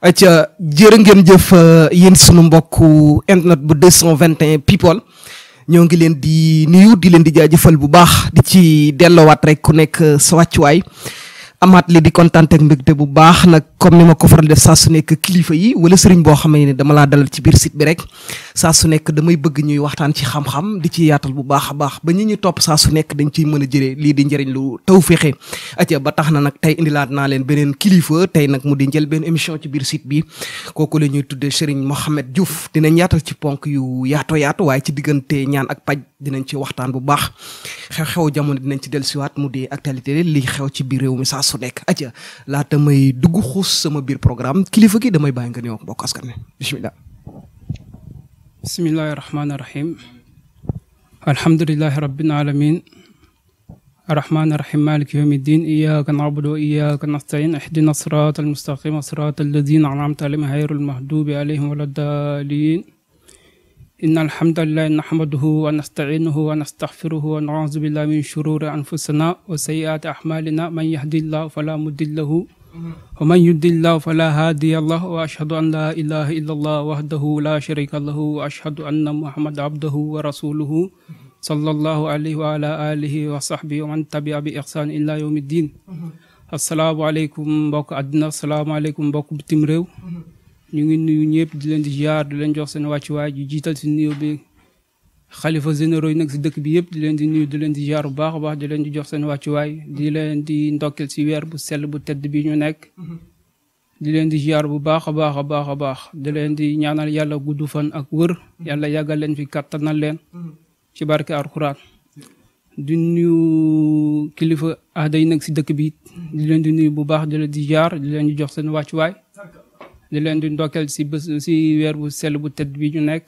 aca jërë ngeen jëf euh, yéen sunu mbokku internet bu 221 people ñoo ngi leen di nuyu di leen di jaajëfal bu baax di ci delloowaat rek ku nekk euh, sa wàccuwaay amaat li di kontaan ak mbégte bu baax nag comme ni ma ko faral def saa su nekk kilifa yi wala sëriñ boo xam ne dama laa dalal ci biir site bi rek saa su nekk damay bëgg ñuy waxtaan ci xam-xam di ci yaatal bu baax a baax ba ñi ñu topp saa su nekk dañ ciy mën a jëlee lii di njëriñ lu taw fexe aca ba tax na nag tey indilaat naa leen beneen kilifa tey nag mu di njël benn émission ci biir site bi kooku la ñuy tuddee sëriñ Mohamed Diouf dinañ yaatal ci ponk yu yaatu waaye ci diggante ñaan ak paj dinañ ci waxtaan bu baax xew jamono dinañ ci dellusiwaat mu di actualité li xew ci biir réew mi saa su nekk aja laata dugg xuus sama biir programme kilifa gi damay bàyyi nga ne wax mbokk askan wi bisimilah. bisimilahi rahmaani rahim alhamdulilahi rabbil alamin الرحمن الرحيم مالك يوم الدين إياك نعبد وإياك نستعين اهدنا الصراط المستقيم صراط الذين أنعمت إن الحمد لله نحمده ونستعينه ونستغفره ونعوذ بالله من شرور أنفسنا وسيئات أعمالنا من يهدي الله فلا مضل له ومن يضلل الله فلا هادي له وأشهد أن لا إله إلا الله وحده لا شريك له وأشهد أن محمد عبده ورسوله صلى الله عليه وعلى آله وصحبه ومن تبع بإحسان إلى يوم الدين asalaamaaleykum mbokk àddina asalaamaaleykum mbokk bitim réew ñu ngi nuyu ñëpp di leen di ziar di leen jox seen wàccuwaay di jiital si nuyoo bi xalifa généro yi nag si dëkk bi yëpp di leen di nuyu di leen di ziar bu baax a baax di leen di jox seen di leen di ndokkel si weer bu sell bu tedd bi ñu nekk. leen di ziar bu baax a baax a baax a baax di leen di ñaanal yàlla gudd fan ak wër yàlla yàggal leen fi kattanal leen. ci barke alxuraan. di nuyu kilifa aada yi si dëkk bi di leen di nuyu bu baax di leen di ziar di leen di jox seen wàccuwaay. di leen di ndokkeel si bës si weer bu sell bu tedd bi ñu nekk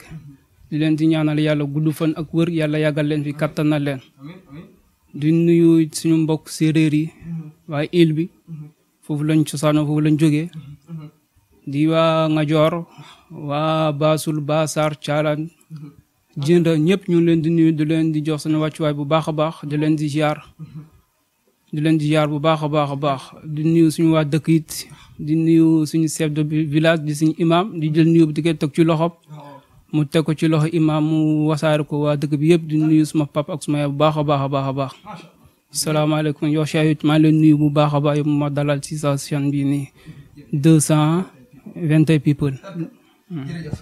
di leen di ñaanal yàlla gudd fan ak wër yàlla yàggal leen fi kattanal leen di nuyu suñu mbokk séeréer yi waa île bi foofu lañ cosaanoo foofu lañ jóge di waa Ngajoor waa Baasul Baasaar Caalaan jënd ñëpp ñu leen di nuyu di leen di jox seen wàccuwaay bu baax a baax di leen di jaar di leen di jaar bu baax a baax a baax di nuyu suñu waa dëkk it di nuyu suñu chef de village di suñu imam di jël nuyu bu di teg ci loxo mu teg ko ci loxo imam mu wasaare ko waa dëkk bi yëpp di nuyu suma papa ak bu baax a baax a baax a baax. salaamaaleykum yow Cheikh it maa leen nuyu bu baax a baax yow ma dalal ci sa chaîne bii nii deux cent vingt et people. Mm-hmm. jërëjëf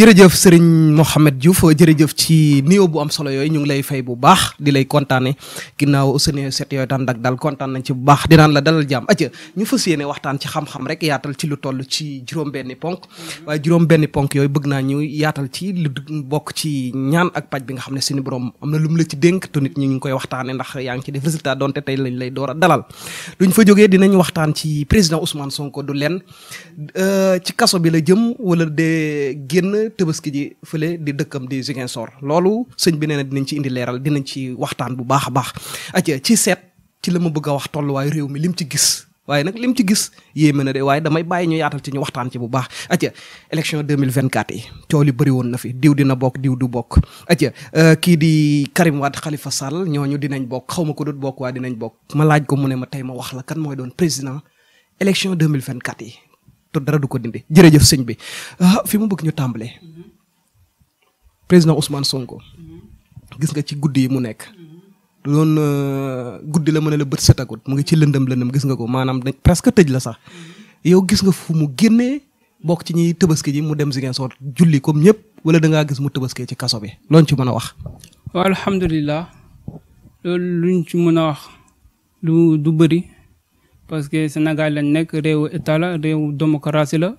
jërëjëf sëriñ Mouhamed Diouf jërëjëf ci nuyoo bu am solo yooyu ñu ngi lay fay bu baax di lay kontaane ginnaaw sëne set yooyu daan dak daal kontaan nañ ci bu baax dinaan la dalal jàmm aja ñu fas yéene waxtaan ci xam rek yaatal ci lu toll ci juróom-benni ponk mm-hmm. waaye juróom-benni ponk yooyu bëgg naa ñu yaatal ci bokk ci ñaan ak paj bi nga xam ne suñu borom am na lu mu la ci dénk te nit ñu ngi koy waxtaane ndax yaa ngi ci def résultat donte tey lañ lay door a dalal duñ fa jógee dinañ waxtaan ci président Ousmane Sonko du lenn euh, ci kaso bi la jëm wala génn tëbaski ji fële di dëkkam di Ziguinchor loolu sëñ bi nee na dinañ ci indi leeral dinañ ci waxtaan bu baax a baax aja ci seet ci la ma bëgg a wax tolluwaayu réew mi lim ci gis waaye nag lim ci gis yéeme na de waaye damay bàyyi ñu yaatal ci ñu waxtaan ci bu baax aja élection 2024 yi coow yi bëri woon na fi diw dina bokk diw du bokk aja euh, kii di Karim Wade xalifa Sall ñooñu dinañ bokk xaw ma ko dut bokk waa dinañ bokk ma laaj ko mu ne ma tey ma wax la mooy doon président élection 2024 yi te dara du ko dindi jërëjëf sëñ bi ah fi mu bëgg ñu tàmbalee président Ousmane Sonko gis nga ci guddi yi mu nekk. loon euh, guddi la mën a la bët setagut mu ngi ci lëndëm lëndëm gis nga ko maanaam dañ presque tëj la sax yow gis nga fu mu génnee bokk ci ñi tëbaski ji mu dem Ziguinchor julli comme ñëpp wala da ngaa gis mu tëbaskee ci kaso bi loon ci mën a wax. waaw alhamdulilah loolu luñ ci mën a wax du bëri. parce que Sénégal lañ nekk réewu état la réewu démocratie la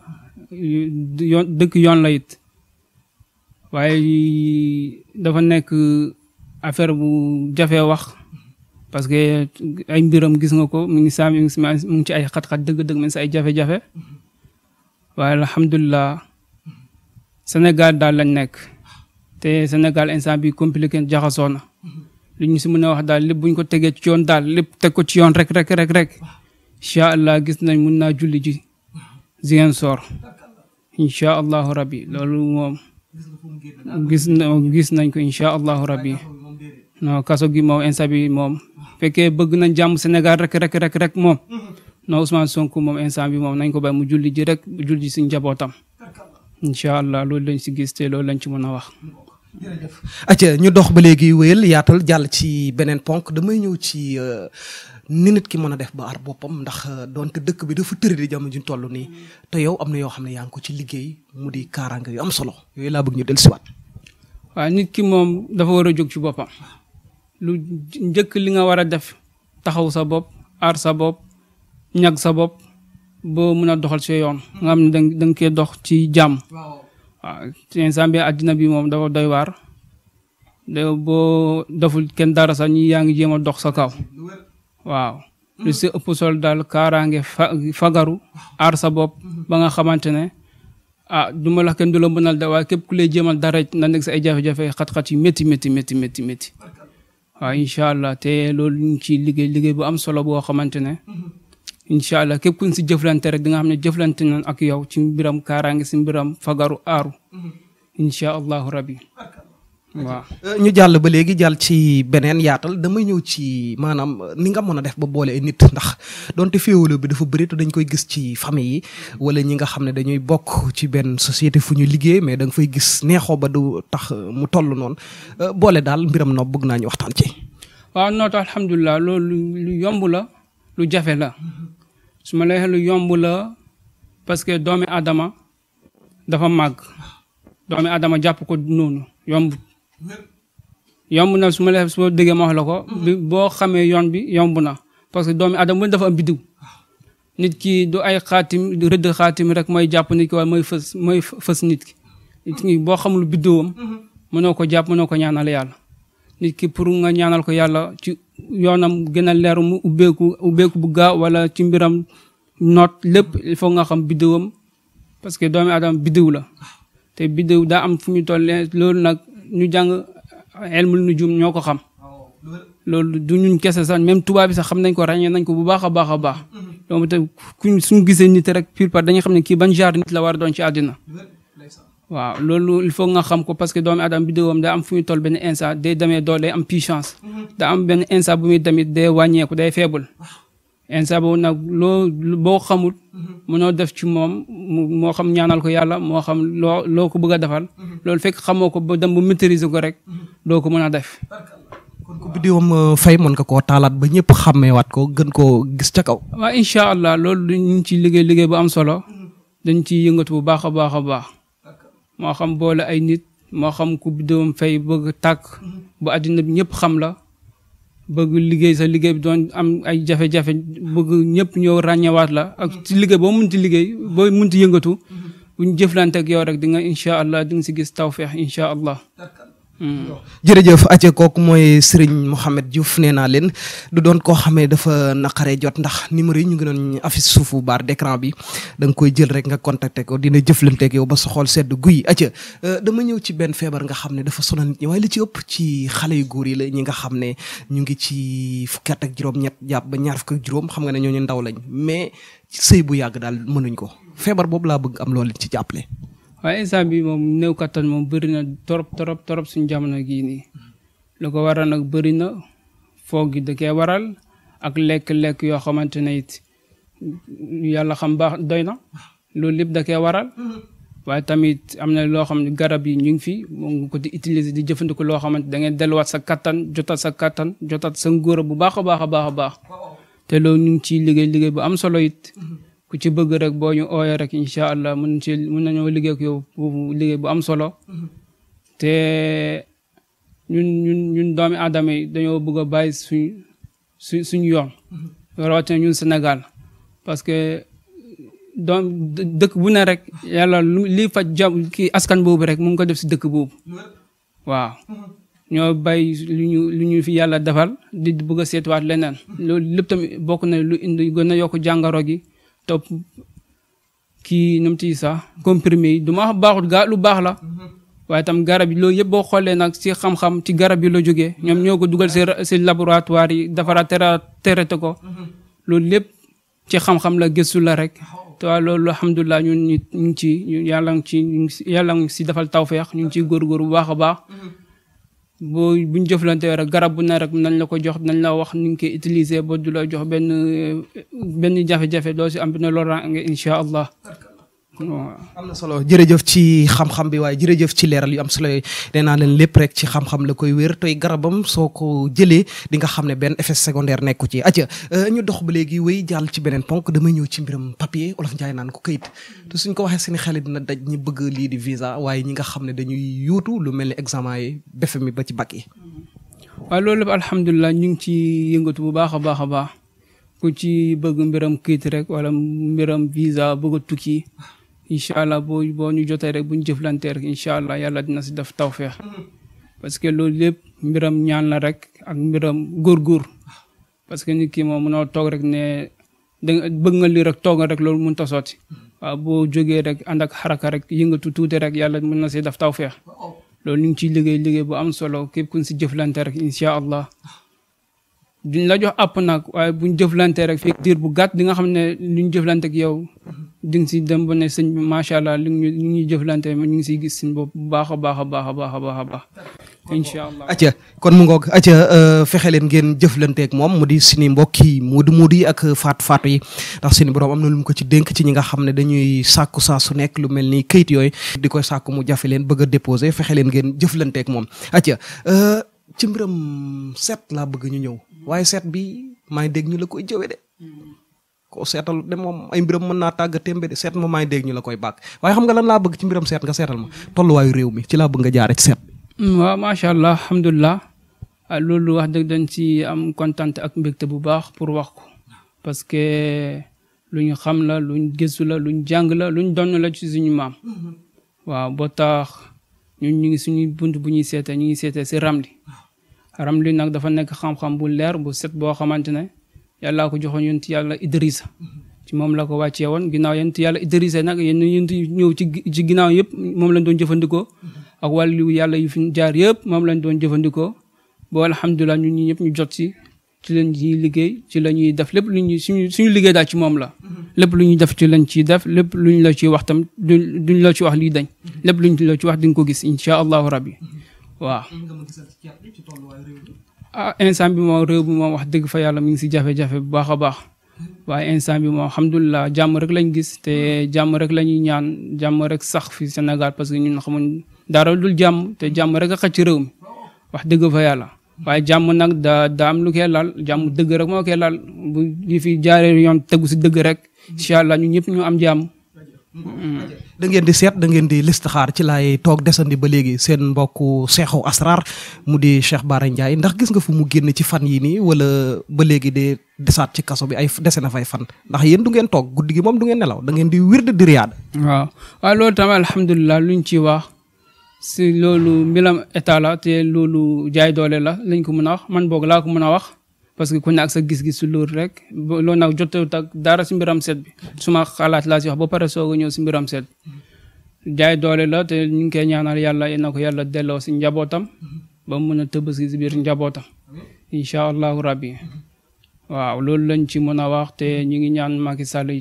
yoon dëkk yoon la it waaye dafa nekk affaire bu jafe wax parce que ay mbiram gis nga ko mu ngi saa mi ngi ci ay xat-xat dëgg-dëgg mi ngi si ay jafe-jafe waaye alhamdulilah Sénégal daal lañ nekk te Sénégal instant bi compliqué jaxasoo na li ñu si mën a wax daal lépp bu ñu ko tegee ci yoon daal lépp teg ko ci yoon rek rek rek rek. incha allah gis nañ mun naa julli ji Ziguinchor incha allahu rabbi loolu moom gis na gis nañ ko incha allahu rabbi non kaso gi moom insta bi moom fekkee bëgg nañ jàmm senegal rek rek rek moom noo Ousmane Sonko moom instant bi moom nañ ko bàyyi mu julli ji rek julli ji si njabootam incha allah loolu lañ si gis te loolu lañ ci mën a wax. jërëjëf ñu dox ba léegi yaatal jàll ci beneen ponk damay ñëw ci. Euh, ni nit ki mën a def ba aar boppam ndax euh, donte dëkk bi dafa tëri di jamono ji toll nii te yow am na yoo xam ne yaa ngi ko ci liggéey mu di kaaraange yu am solo yooyu laa bëgg ñu dellusiwaat. waaw nit ki moom dafa war a jóg ci boppam lu njëkk li nga war a def taxaw sa bopp aar sa bopp ñag sa bopp boo mën a doxal sa yoon. nga xam da nga koy dox ci jàmm. waaw ci instant bi àddina bi moom dafa doy waar. boo deful kenn daara sax ñi yaa ngi jéem a dox sa kaw. waaw mm. lu si ëpp sol daal kaaraange fagaru aar sa bopp mm-hmm. ba nga xamante ne ah du ma la kenn du la mënal da waaye képp ku lay jéemal dara na nekk si ay jafe-jafe xat-xat yu métti métti métti métti métti incha allah te loolu ñu ci liggéey liggéey bu am solo boo xamante ne mm-hmm. incha allah képp ku si jëflante rek di nga xam ne jëflante nañ ak yow ci mbiram kaaraange si mbiram fagaru aaru mm-hmm. incha allahu rabbi waaw euh, ñu jàll ba léegi jàll ci beneen yaatal damay ñëw ci maanaam euh, ni nga mën a def ba boole ay nit ndax donte féewaloo bi dafa bëri te dañ koy gis ci famille yi wala ñi nga xam ne dañuy bokk ci benn société fu ñu liggéey mais da nga fay gis neexoo ba du tax euh, mu toll noonu boole daal mbiram nopp bëgg naa ñu waxtaan ci. waaw noot alhamdulilah loolu lu yomb la lu jafe la su ma lay lu yomb la parce que doomi aadama dafa màgg doomi Adama jàpp ko noonu yomb. yomb na su ma la su ma déggee ma la ko. Mm-hmm. boo xamee yoon bi yomb na parce que doomi adama bu dafa am biddiw. nit ki du ay xaatim rëdd xaatim rek mooy jàpp nit ki mooy fës mooy fës nit ki. nit boo xamul biddiwam. Mm-hmm. mënoo ko jàpp mënoo ko ñaanal yàlla. nit ki pour nga ñaanal ko yàlla ci yoonam gën a leer mu ubbeeku ubbeeku bu gaaw wala ci mbiram noot lépp il faut nga xam biddiwam parce que doomi adama biddiw la. te biddiw daa am fu ñu toll loolu nag. ñu jàng elmul nujum ñoo ko xam loolu du ñun kese sax même tubaab bi sax xam nañ ko ràññee nañ ko bu baax a baax a baax donc te kuñ suñu gisee nit rek pure part dañuy xam ne kii ban genre nit la war doon ci addina waaw loolu il faut nga xam ko parce que doomu aadama bi déwoom daa am fu ñu toll benn instant day demee doole day am puissance daa am benn instant bu muy tamit day wàññeeku day faible insa boobu nag loo boo xamul mënoo def ci moom moo xam ñaanal ko yàlla moo xam loo loo ko bëgg a defal loolu fekk xamoo ko ba dem ba ko rek doo ko mën a def kon ku biddiwam euh, fay mën nga koo taalaat ba ñëpp xàmmeewaat ko gën ko gis ca kaw waaw incha allah loolu ñu ci liggéey liggéey bu am solo dañ ci yëngatu bu baax a baax a baax moo xam boole ay nit moo xam ku biddiwam fay bëgg tàkk bu àddina bi ñëpp xam la bëgg liggéey sa liggéey bi doon am ay jafe-jafe bëgg ñëpp ñëw ràññewaat la ak ci liggéey boo munti liggéey boo munti yëngatu mhm. bu ñu jëflante ak yow rek di nga incha allah di nga si gis tawféex incha allah. jërëjëf ace kooku mooy Serigne Mouhamed Diouf nee naa leen du doon koo xamee dafa naqaree jot ndax numéro yi ñu ngi doon affiche suufu baar d'écran bi da koy jël rek nga contacté ko dina jëflanteek yow ba sa xol sedd guy ace euh, dama ñëw ci benn feebar nga xam ne dafa sonal nit ñi waaye li ci ëpp ci xale yu góor yi la ñi nga xam ne ñu ngi ci fukki ak juróom ñett jàpp ba ñaar fukk ak juróom xam nga ne ñooñu ndaw lañ mais sëy bu yàgg daal mënuñ ko feebar boobu laa bëgg am loolu ci jàppale waaye instant bi moom néew kattan moom bëri na torop torop torop suñu jamono kii nii lu ko waral nag bëri na foog gi da koy waral ak lekk-lekk yoo xamante ne it yàlla xam baax doy na loolu lépp da koy waral waaye tamit am na loo xam ne garab yi ñu ngi fi mu ko di utiliser di jëfandikoo loo xamante da ngay delluwaat sa kattan jotaat sa kattan jotaat sa ngóor bu baax a baax a baax a baax te loolu ñu ngi liggéey liggéey bu am solo it. Mm-hmm. ku ci bëgg rek boo ñu ooyee rek incha allah mun ci mun nañoo liggéey ak yow liggéey bu am solo te ñun ñun ñun doomi aadama yi dañoo bëgg a bàyyi suñ suñ suñu yoon rawatina ñun senegal parce que doom dëkk bu na rek yàlla lii faj jam kii askan boobu rek mu ngi ko def si dëkk boobu ñoo bay lu ñu lu ñu fi yàlla defal di bëgg a seetuwaat leneen loolu lépp tamit bokk na lu indi gën a yokk jàngoro gi topp kii nu ti sax comprimé yi duma ma gaa lu baax la mhm. waaye tam garab yi loolu yëpp boo xoolee nag si xam-xam ci garab yi la jógee mhm. ñoom ñoo ko dugal si si laboratoire yi dafara tera terate ko mhm. loolu lépp ci xam-xam la gëstu la rek te waa loo alhamdulilah ñun ñu ngi ci yàlla ci yàlla ngi si defal tawfeex ñu ngi ciy góorgóor baax a baax boo buñ jëflante rek garab bu ne rek nañ la ko jox nañ la wax ni ñu koy utiliser ba du la jox benn benn jafe-jafe doo si am benn loraange incha allah. am na solo jërëjëf ci xam-xam bi waaye jërëjëf ci leeral yu am solo yooyu nee naa leen lépp rek ci xam-xam la koy wér tey garabam soo ko jëlee di nga xam ne benn effet secondaire nekku ci aja euh, ñu dox ba léegi wéy jàll ci beneen ponk damay ñëw ci mbiram papier olof njaay naan ko këyit suñ ko waxee seen xel dina daj ñi bëgg lii di visa waaye ñi nga xam ne dañuy yuutu lu mel ni examen yi befe mi ba ci bac yi loolu alhamdulilah ñu ngi ci yëngatu bu baax a baax a baax ku ci bëgg mbiram këyit rek wala mbiram visa bëgg tukki incha allah boo boo ñu jotee rek bu ñu jëflantee rek incha allah yàlla dina si def tawféex parce que loolu lépp mbiram ñaan na rek ak mbiram góorgóor parce que nit ki moom mënoo toog rek ne da bëgg nga li rek toogal rek loolu mënut a sotti boo jogee rek ànd ak xaraka rek yëngatu tuuti rek yàlla mën na si def tawféex loolu ñu ngi liggéey liggéey bu am solo képp ku ñu si rek incha allah. duñ la jox àpp nag waaye buñ rek fekk diir bu gàtt di nga xam ne lu ñu jëflante ak yow di nga si dem ba ne sëñ bi macha allah li ñu li ñuy ñu ngi siy gis suñ bopp bu baax a baax a baax a baax a baax a baax incha allah kon mu ngoog acca euh, fexe leen ngeen jëflanteek moom mu di suñu mbokk yi moodu moodu yi ak faatu faatu yi ndax suñu borom am na lum ko ci dénk ci ñi nga xam ne dañuy sàkku saa su nekk lu mel ni kayit yooyu di koy sàkku mu jafe leen bëgg a déposé fexe leen ngeen jëflanteek moom acca euh, ci mbiram set laa bëgg ñu ñëw waaye seet bi maay dégg ñu la koy jëwe de ko seetal de moom ay mbiram mën naa tàgga témbe de seet ma maay dégg ñu la koy bàkk waaye xam nga lan laa bëgg ci mbiram seet nga seetal ma tolluwaayu réew mi ci laa bëgg nga jaare ci seet bi mm, waaw macha allah alhamdulilah ah, loolu wax dëgg ci am kontaan ak mbégte bu baax pour wax ko parce que lu ñu xam la luñ gëstu luñ jàng la luñ donn la ci suñu maam mm-hmm. waaw boo tax ñun ñu ngi suñu bunt bu ñuy seetee ñu ngi seetee si Ramli ramli nag dafa nekk xam-xam bu leer bu set boo xamante ne yàllaa ko joxoon yonent yàlla Idrissa ci moom la ko wàccee woon ginnaaw yonent yàlla Idrissa nag yéen yonent ñëw ci ci ginnaaw yëpp moom lañ doon jëfandikoo ak wàllu yàlla yu fi jaar yëpp moom lañ doon jëfandikoo boo alhamdulilah ñun ñi ñëpp ñu jot si ci lañ ñuy liggéey ci la ñuy def lépp lu ñuy suñu suñu liggéey daal ci moom la lépp lu ñuy def ci lañ ciy def lépp lu ñu la ciy wax du duñ la ci wax lii dañ lépp luñ ñu la ci wax di nga ko gis incha allahu rabbi waaw ah instant bi moo réew bi moom wax dëgg fa yàlla mi ngi si jafe-jafe bu baax a baax waaye instant bi moo alhamdulilah jàmm rek lañ gis te jàmm rek la ñaan jàmm rek sax fi senegal parce que ñun mu dara dul jàmm te jàmm rek a xaj réew mi wax dëgg fa yàlla. waaye jàmm nag da am lu koy laal jàmm dëgg rek moo koy laal bu ñu fi jaaree si dëgg rek incha allah ñun ñu am jàmm. Mm-hmm. da ngeen di seet da ngeen di listixaar ci laay toog desandi ba léegi seen mbokku seexu asrar mu di Cheikh Bara Ndiaye ndax gis nga fu mu génn ci fan yi nii wala ba léegi de desaat ci kaso bi ay dese na fay fan ndax yéen du ngeen toog guddi gi moom du ngeen nelaw da ngeen di wird di riyaad. waaw waaw loolu tamit alhamdulilah luñ ci wax si loolu mbiram état la te loolu jaay doole la lañ ko mën a wax man boog laa ko mën a wax. parce que ku nag sa gis-gis su loolu rek loolu nag jotewut ak dara si mbiram seet bi suma xalaat laa si wax ba pare soog ñëw si mbiram seet jaay doole la te ñu ngi koy ñaanal yàlla na ko yàlla delloo si njabootam ba mu mën a tëb si biir njabootam incha allahu rabbi waaw loolu lañ ci mën a wax te ñu ngi ñaan Macky Sall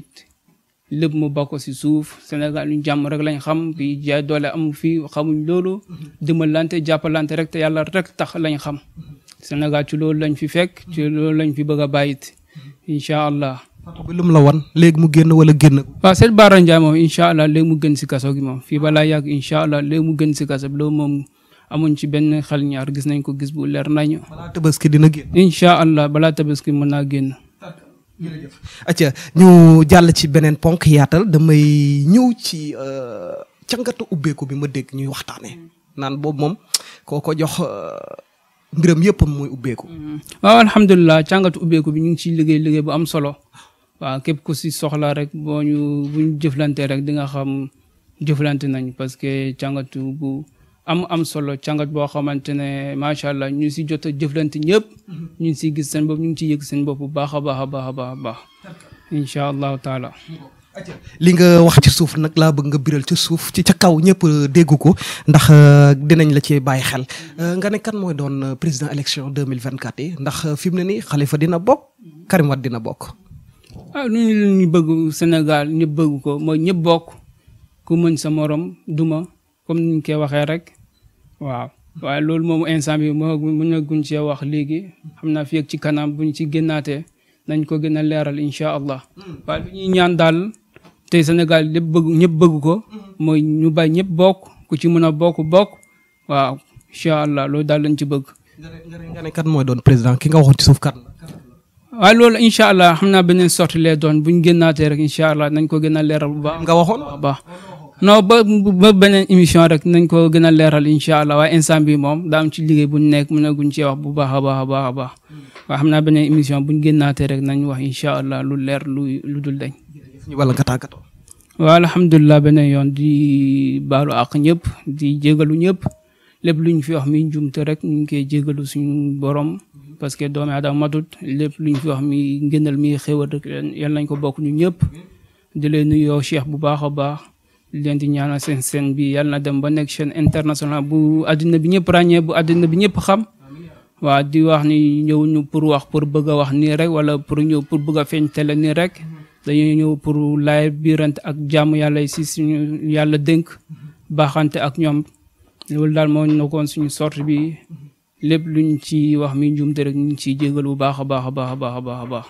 it mu bokk si suuf Sénégal ñu jàmm rek lañ xam bi jaay doole amu fi xamuñ loolu dimbalante jàppalante rek te yàlla rek tax lañ xam. Sénégal ci loolu lañ fi fekk ci lañ fi bëgg a bàyyit incha allah. fatwa bi lu mu la wan léegi mu génn wala génn. waaw Seydou Bara moom incha allah léegi mu gën si gi moom fii balaa yàgg incha allah léegi mu gën si kaso bi loolu moom amuñ ci benn xel ñaar gis nañ ko gis bu leer nañu. balaa tabaski dina incha allah balaa tabaski mën naa génn. ñu jàll ci beneen ponk yaatal damay ñëw ci euh, cangatu ubbeeku bi ma dégg ñuy waxtaanee naan boobu moom koo ko jox euh, mbiram yëpp mooy ubbeeku. Mm-hmm. waaw alhamdulilah càngatu ubbeeku bi ñu ngi ciy liggéey liggéey bu am solo waaw képp ku si soxla rek boo ñu bu ñu rek di nga xam jëflante nañ parce que càngatu bu am am solo càngat boo xamante ne macha allah ñu si jot a jëflante ñëpp. Mm-hmm. ñu ngi siy gis seen ñu ngi ciy yëg seen bopp bu baax a baax a baax a baax. incha allahu taala. Mm-hmm. li nga wax ci suuf nag laa bëgg nga biral ci suuf ci ca kaw ñëpp euh, dégg ko ndax euh, dinañ la ci bàyyi xel euh, nga ne kan mooy doon président élection 2024 yi ndax fi mu ne nii Khalifa dina bokk Karim Wade dina bokk. ah lu ñu bëgg Sénégal ñëpp bëgg ko mooy ñëpp bokk ku mën sa morom duma comme ni koy waxee rek waaw. waaye loolu moomu instant bi moo guñ cee wax léegi xam naa fi ak ci kanam bu ñu ci génnaate nañ ko gën a leeral incha allah hmm. waaye lu ñuy ñaan daal. tey Sénégal lépp bëgg ñëpp bëgg ko. Mm-hmm. mooy ñu bàyyi ñëpp bokk ku ci mën a bokk bokk waaw incha allah loolu daal lañ ci bëgg. nga kat mooy doon président ki nga waxoon ci suuf kat. waaw loolu incha allah xam naa beneen sorti lay doon bu ñu génnaatee rek incha allah nañ ko gën a leeral bu baax. nga waxoon bu baax. non ba ba beneen émission rek nañ ko gën a leeral incha allah waaye instant bi moom daa ci liggéey bu ñu nekk mu na guñ cee wax bu baax a baax a baax a baax mm. xam naa beneen émission bu ñu génnaatee rek nañ wax incha allah lu leer lu lu dul dañ. wala nga tàggatoo. waaw alhamdulilah beneen yoon di baalu àq ñëpp di jégalu ñëpp lépp lu ñu fi wax mi njumte rek ñu ngi koy jégalu suñu borom. parce que doomi aadama matut lépp lu ñu fi wax mi ngënal mi xéwal rek yal nañ ko bokk ñu ñëpp. di leen nuyoo Cheikh bu baax a baax di leen di ñaanal seen bi yàlla na dem ba nekk chaîne internationale bu àddina bi ñëpp ràññee bu àddina bi ñëpp xam. waa di wax ni ñëw ñu pour wax pour bëgg wax ni rek wala pour ñëw pour bëgg feeñ tele nii rek. dañuy ñëw pour laay biirante ak jàmm yàlla si suñu yàlla dénk baaxante ak ñoom loolu daal moo nekkoon suñu sorte bi lépp luñ ci wax mi njuumte rek ñu ciy jégal bu baax a baax a baax a baax a baax.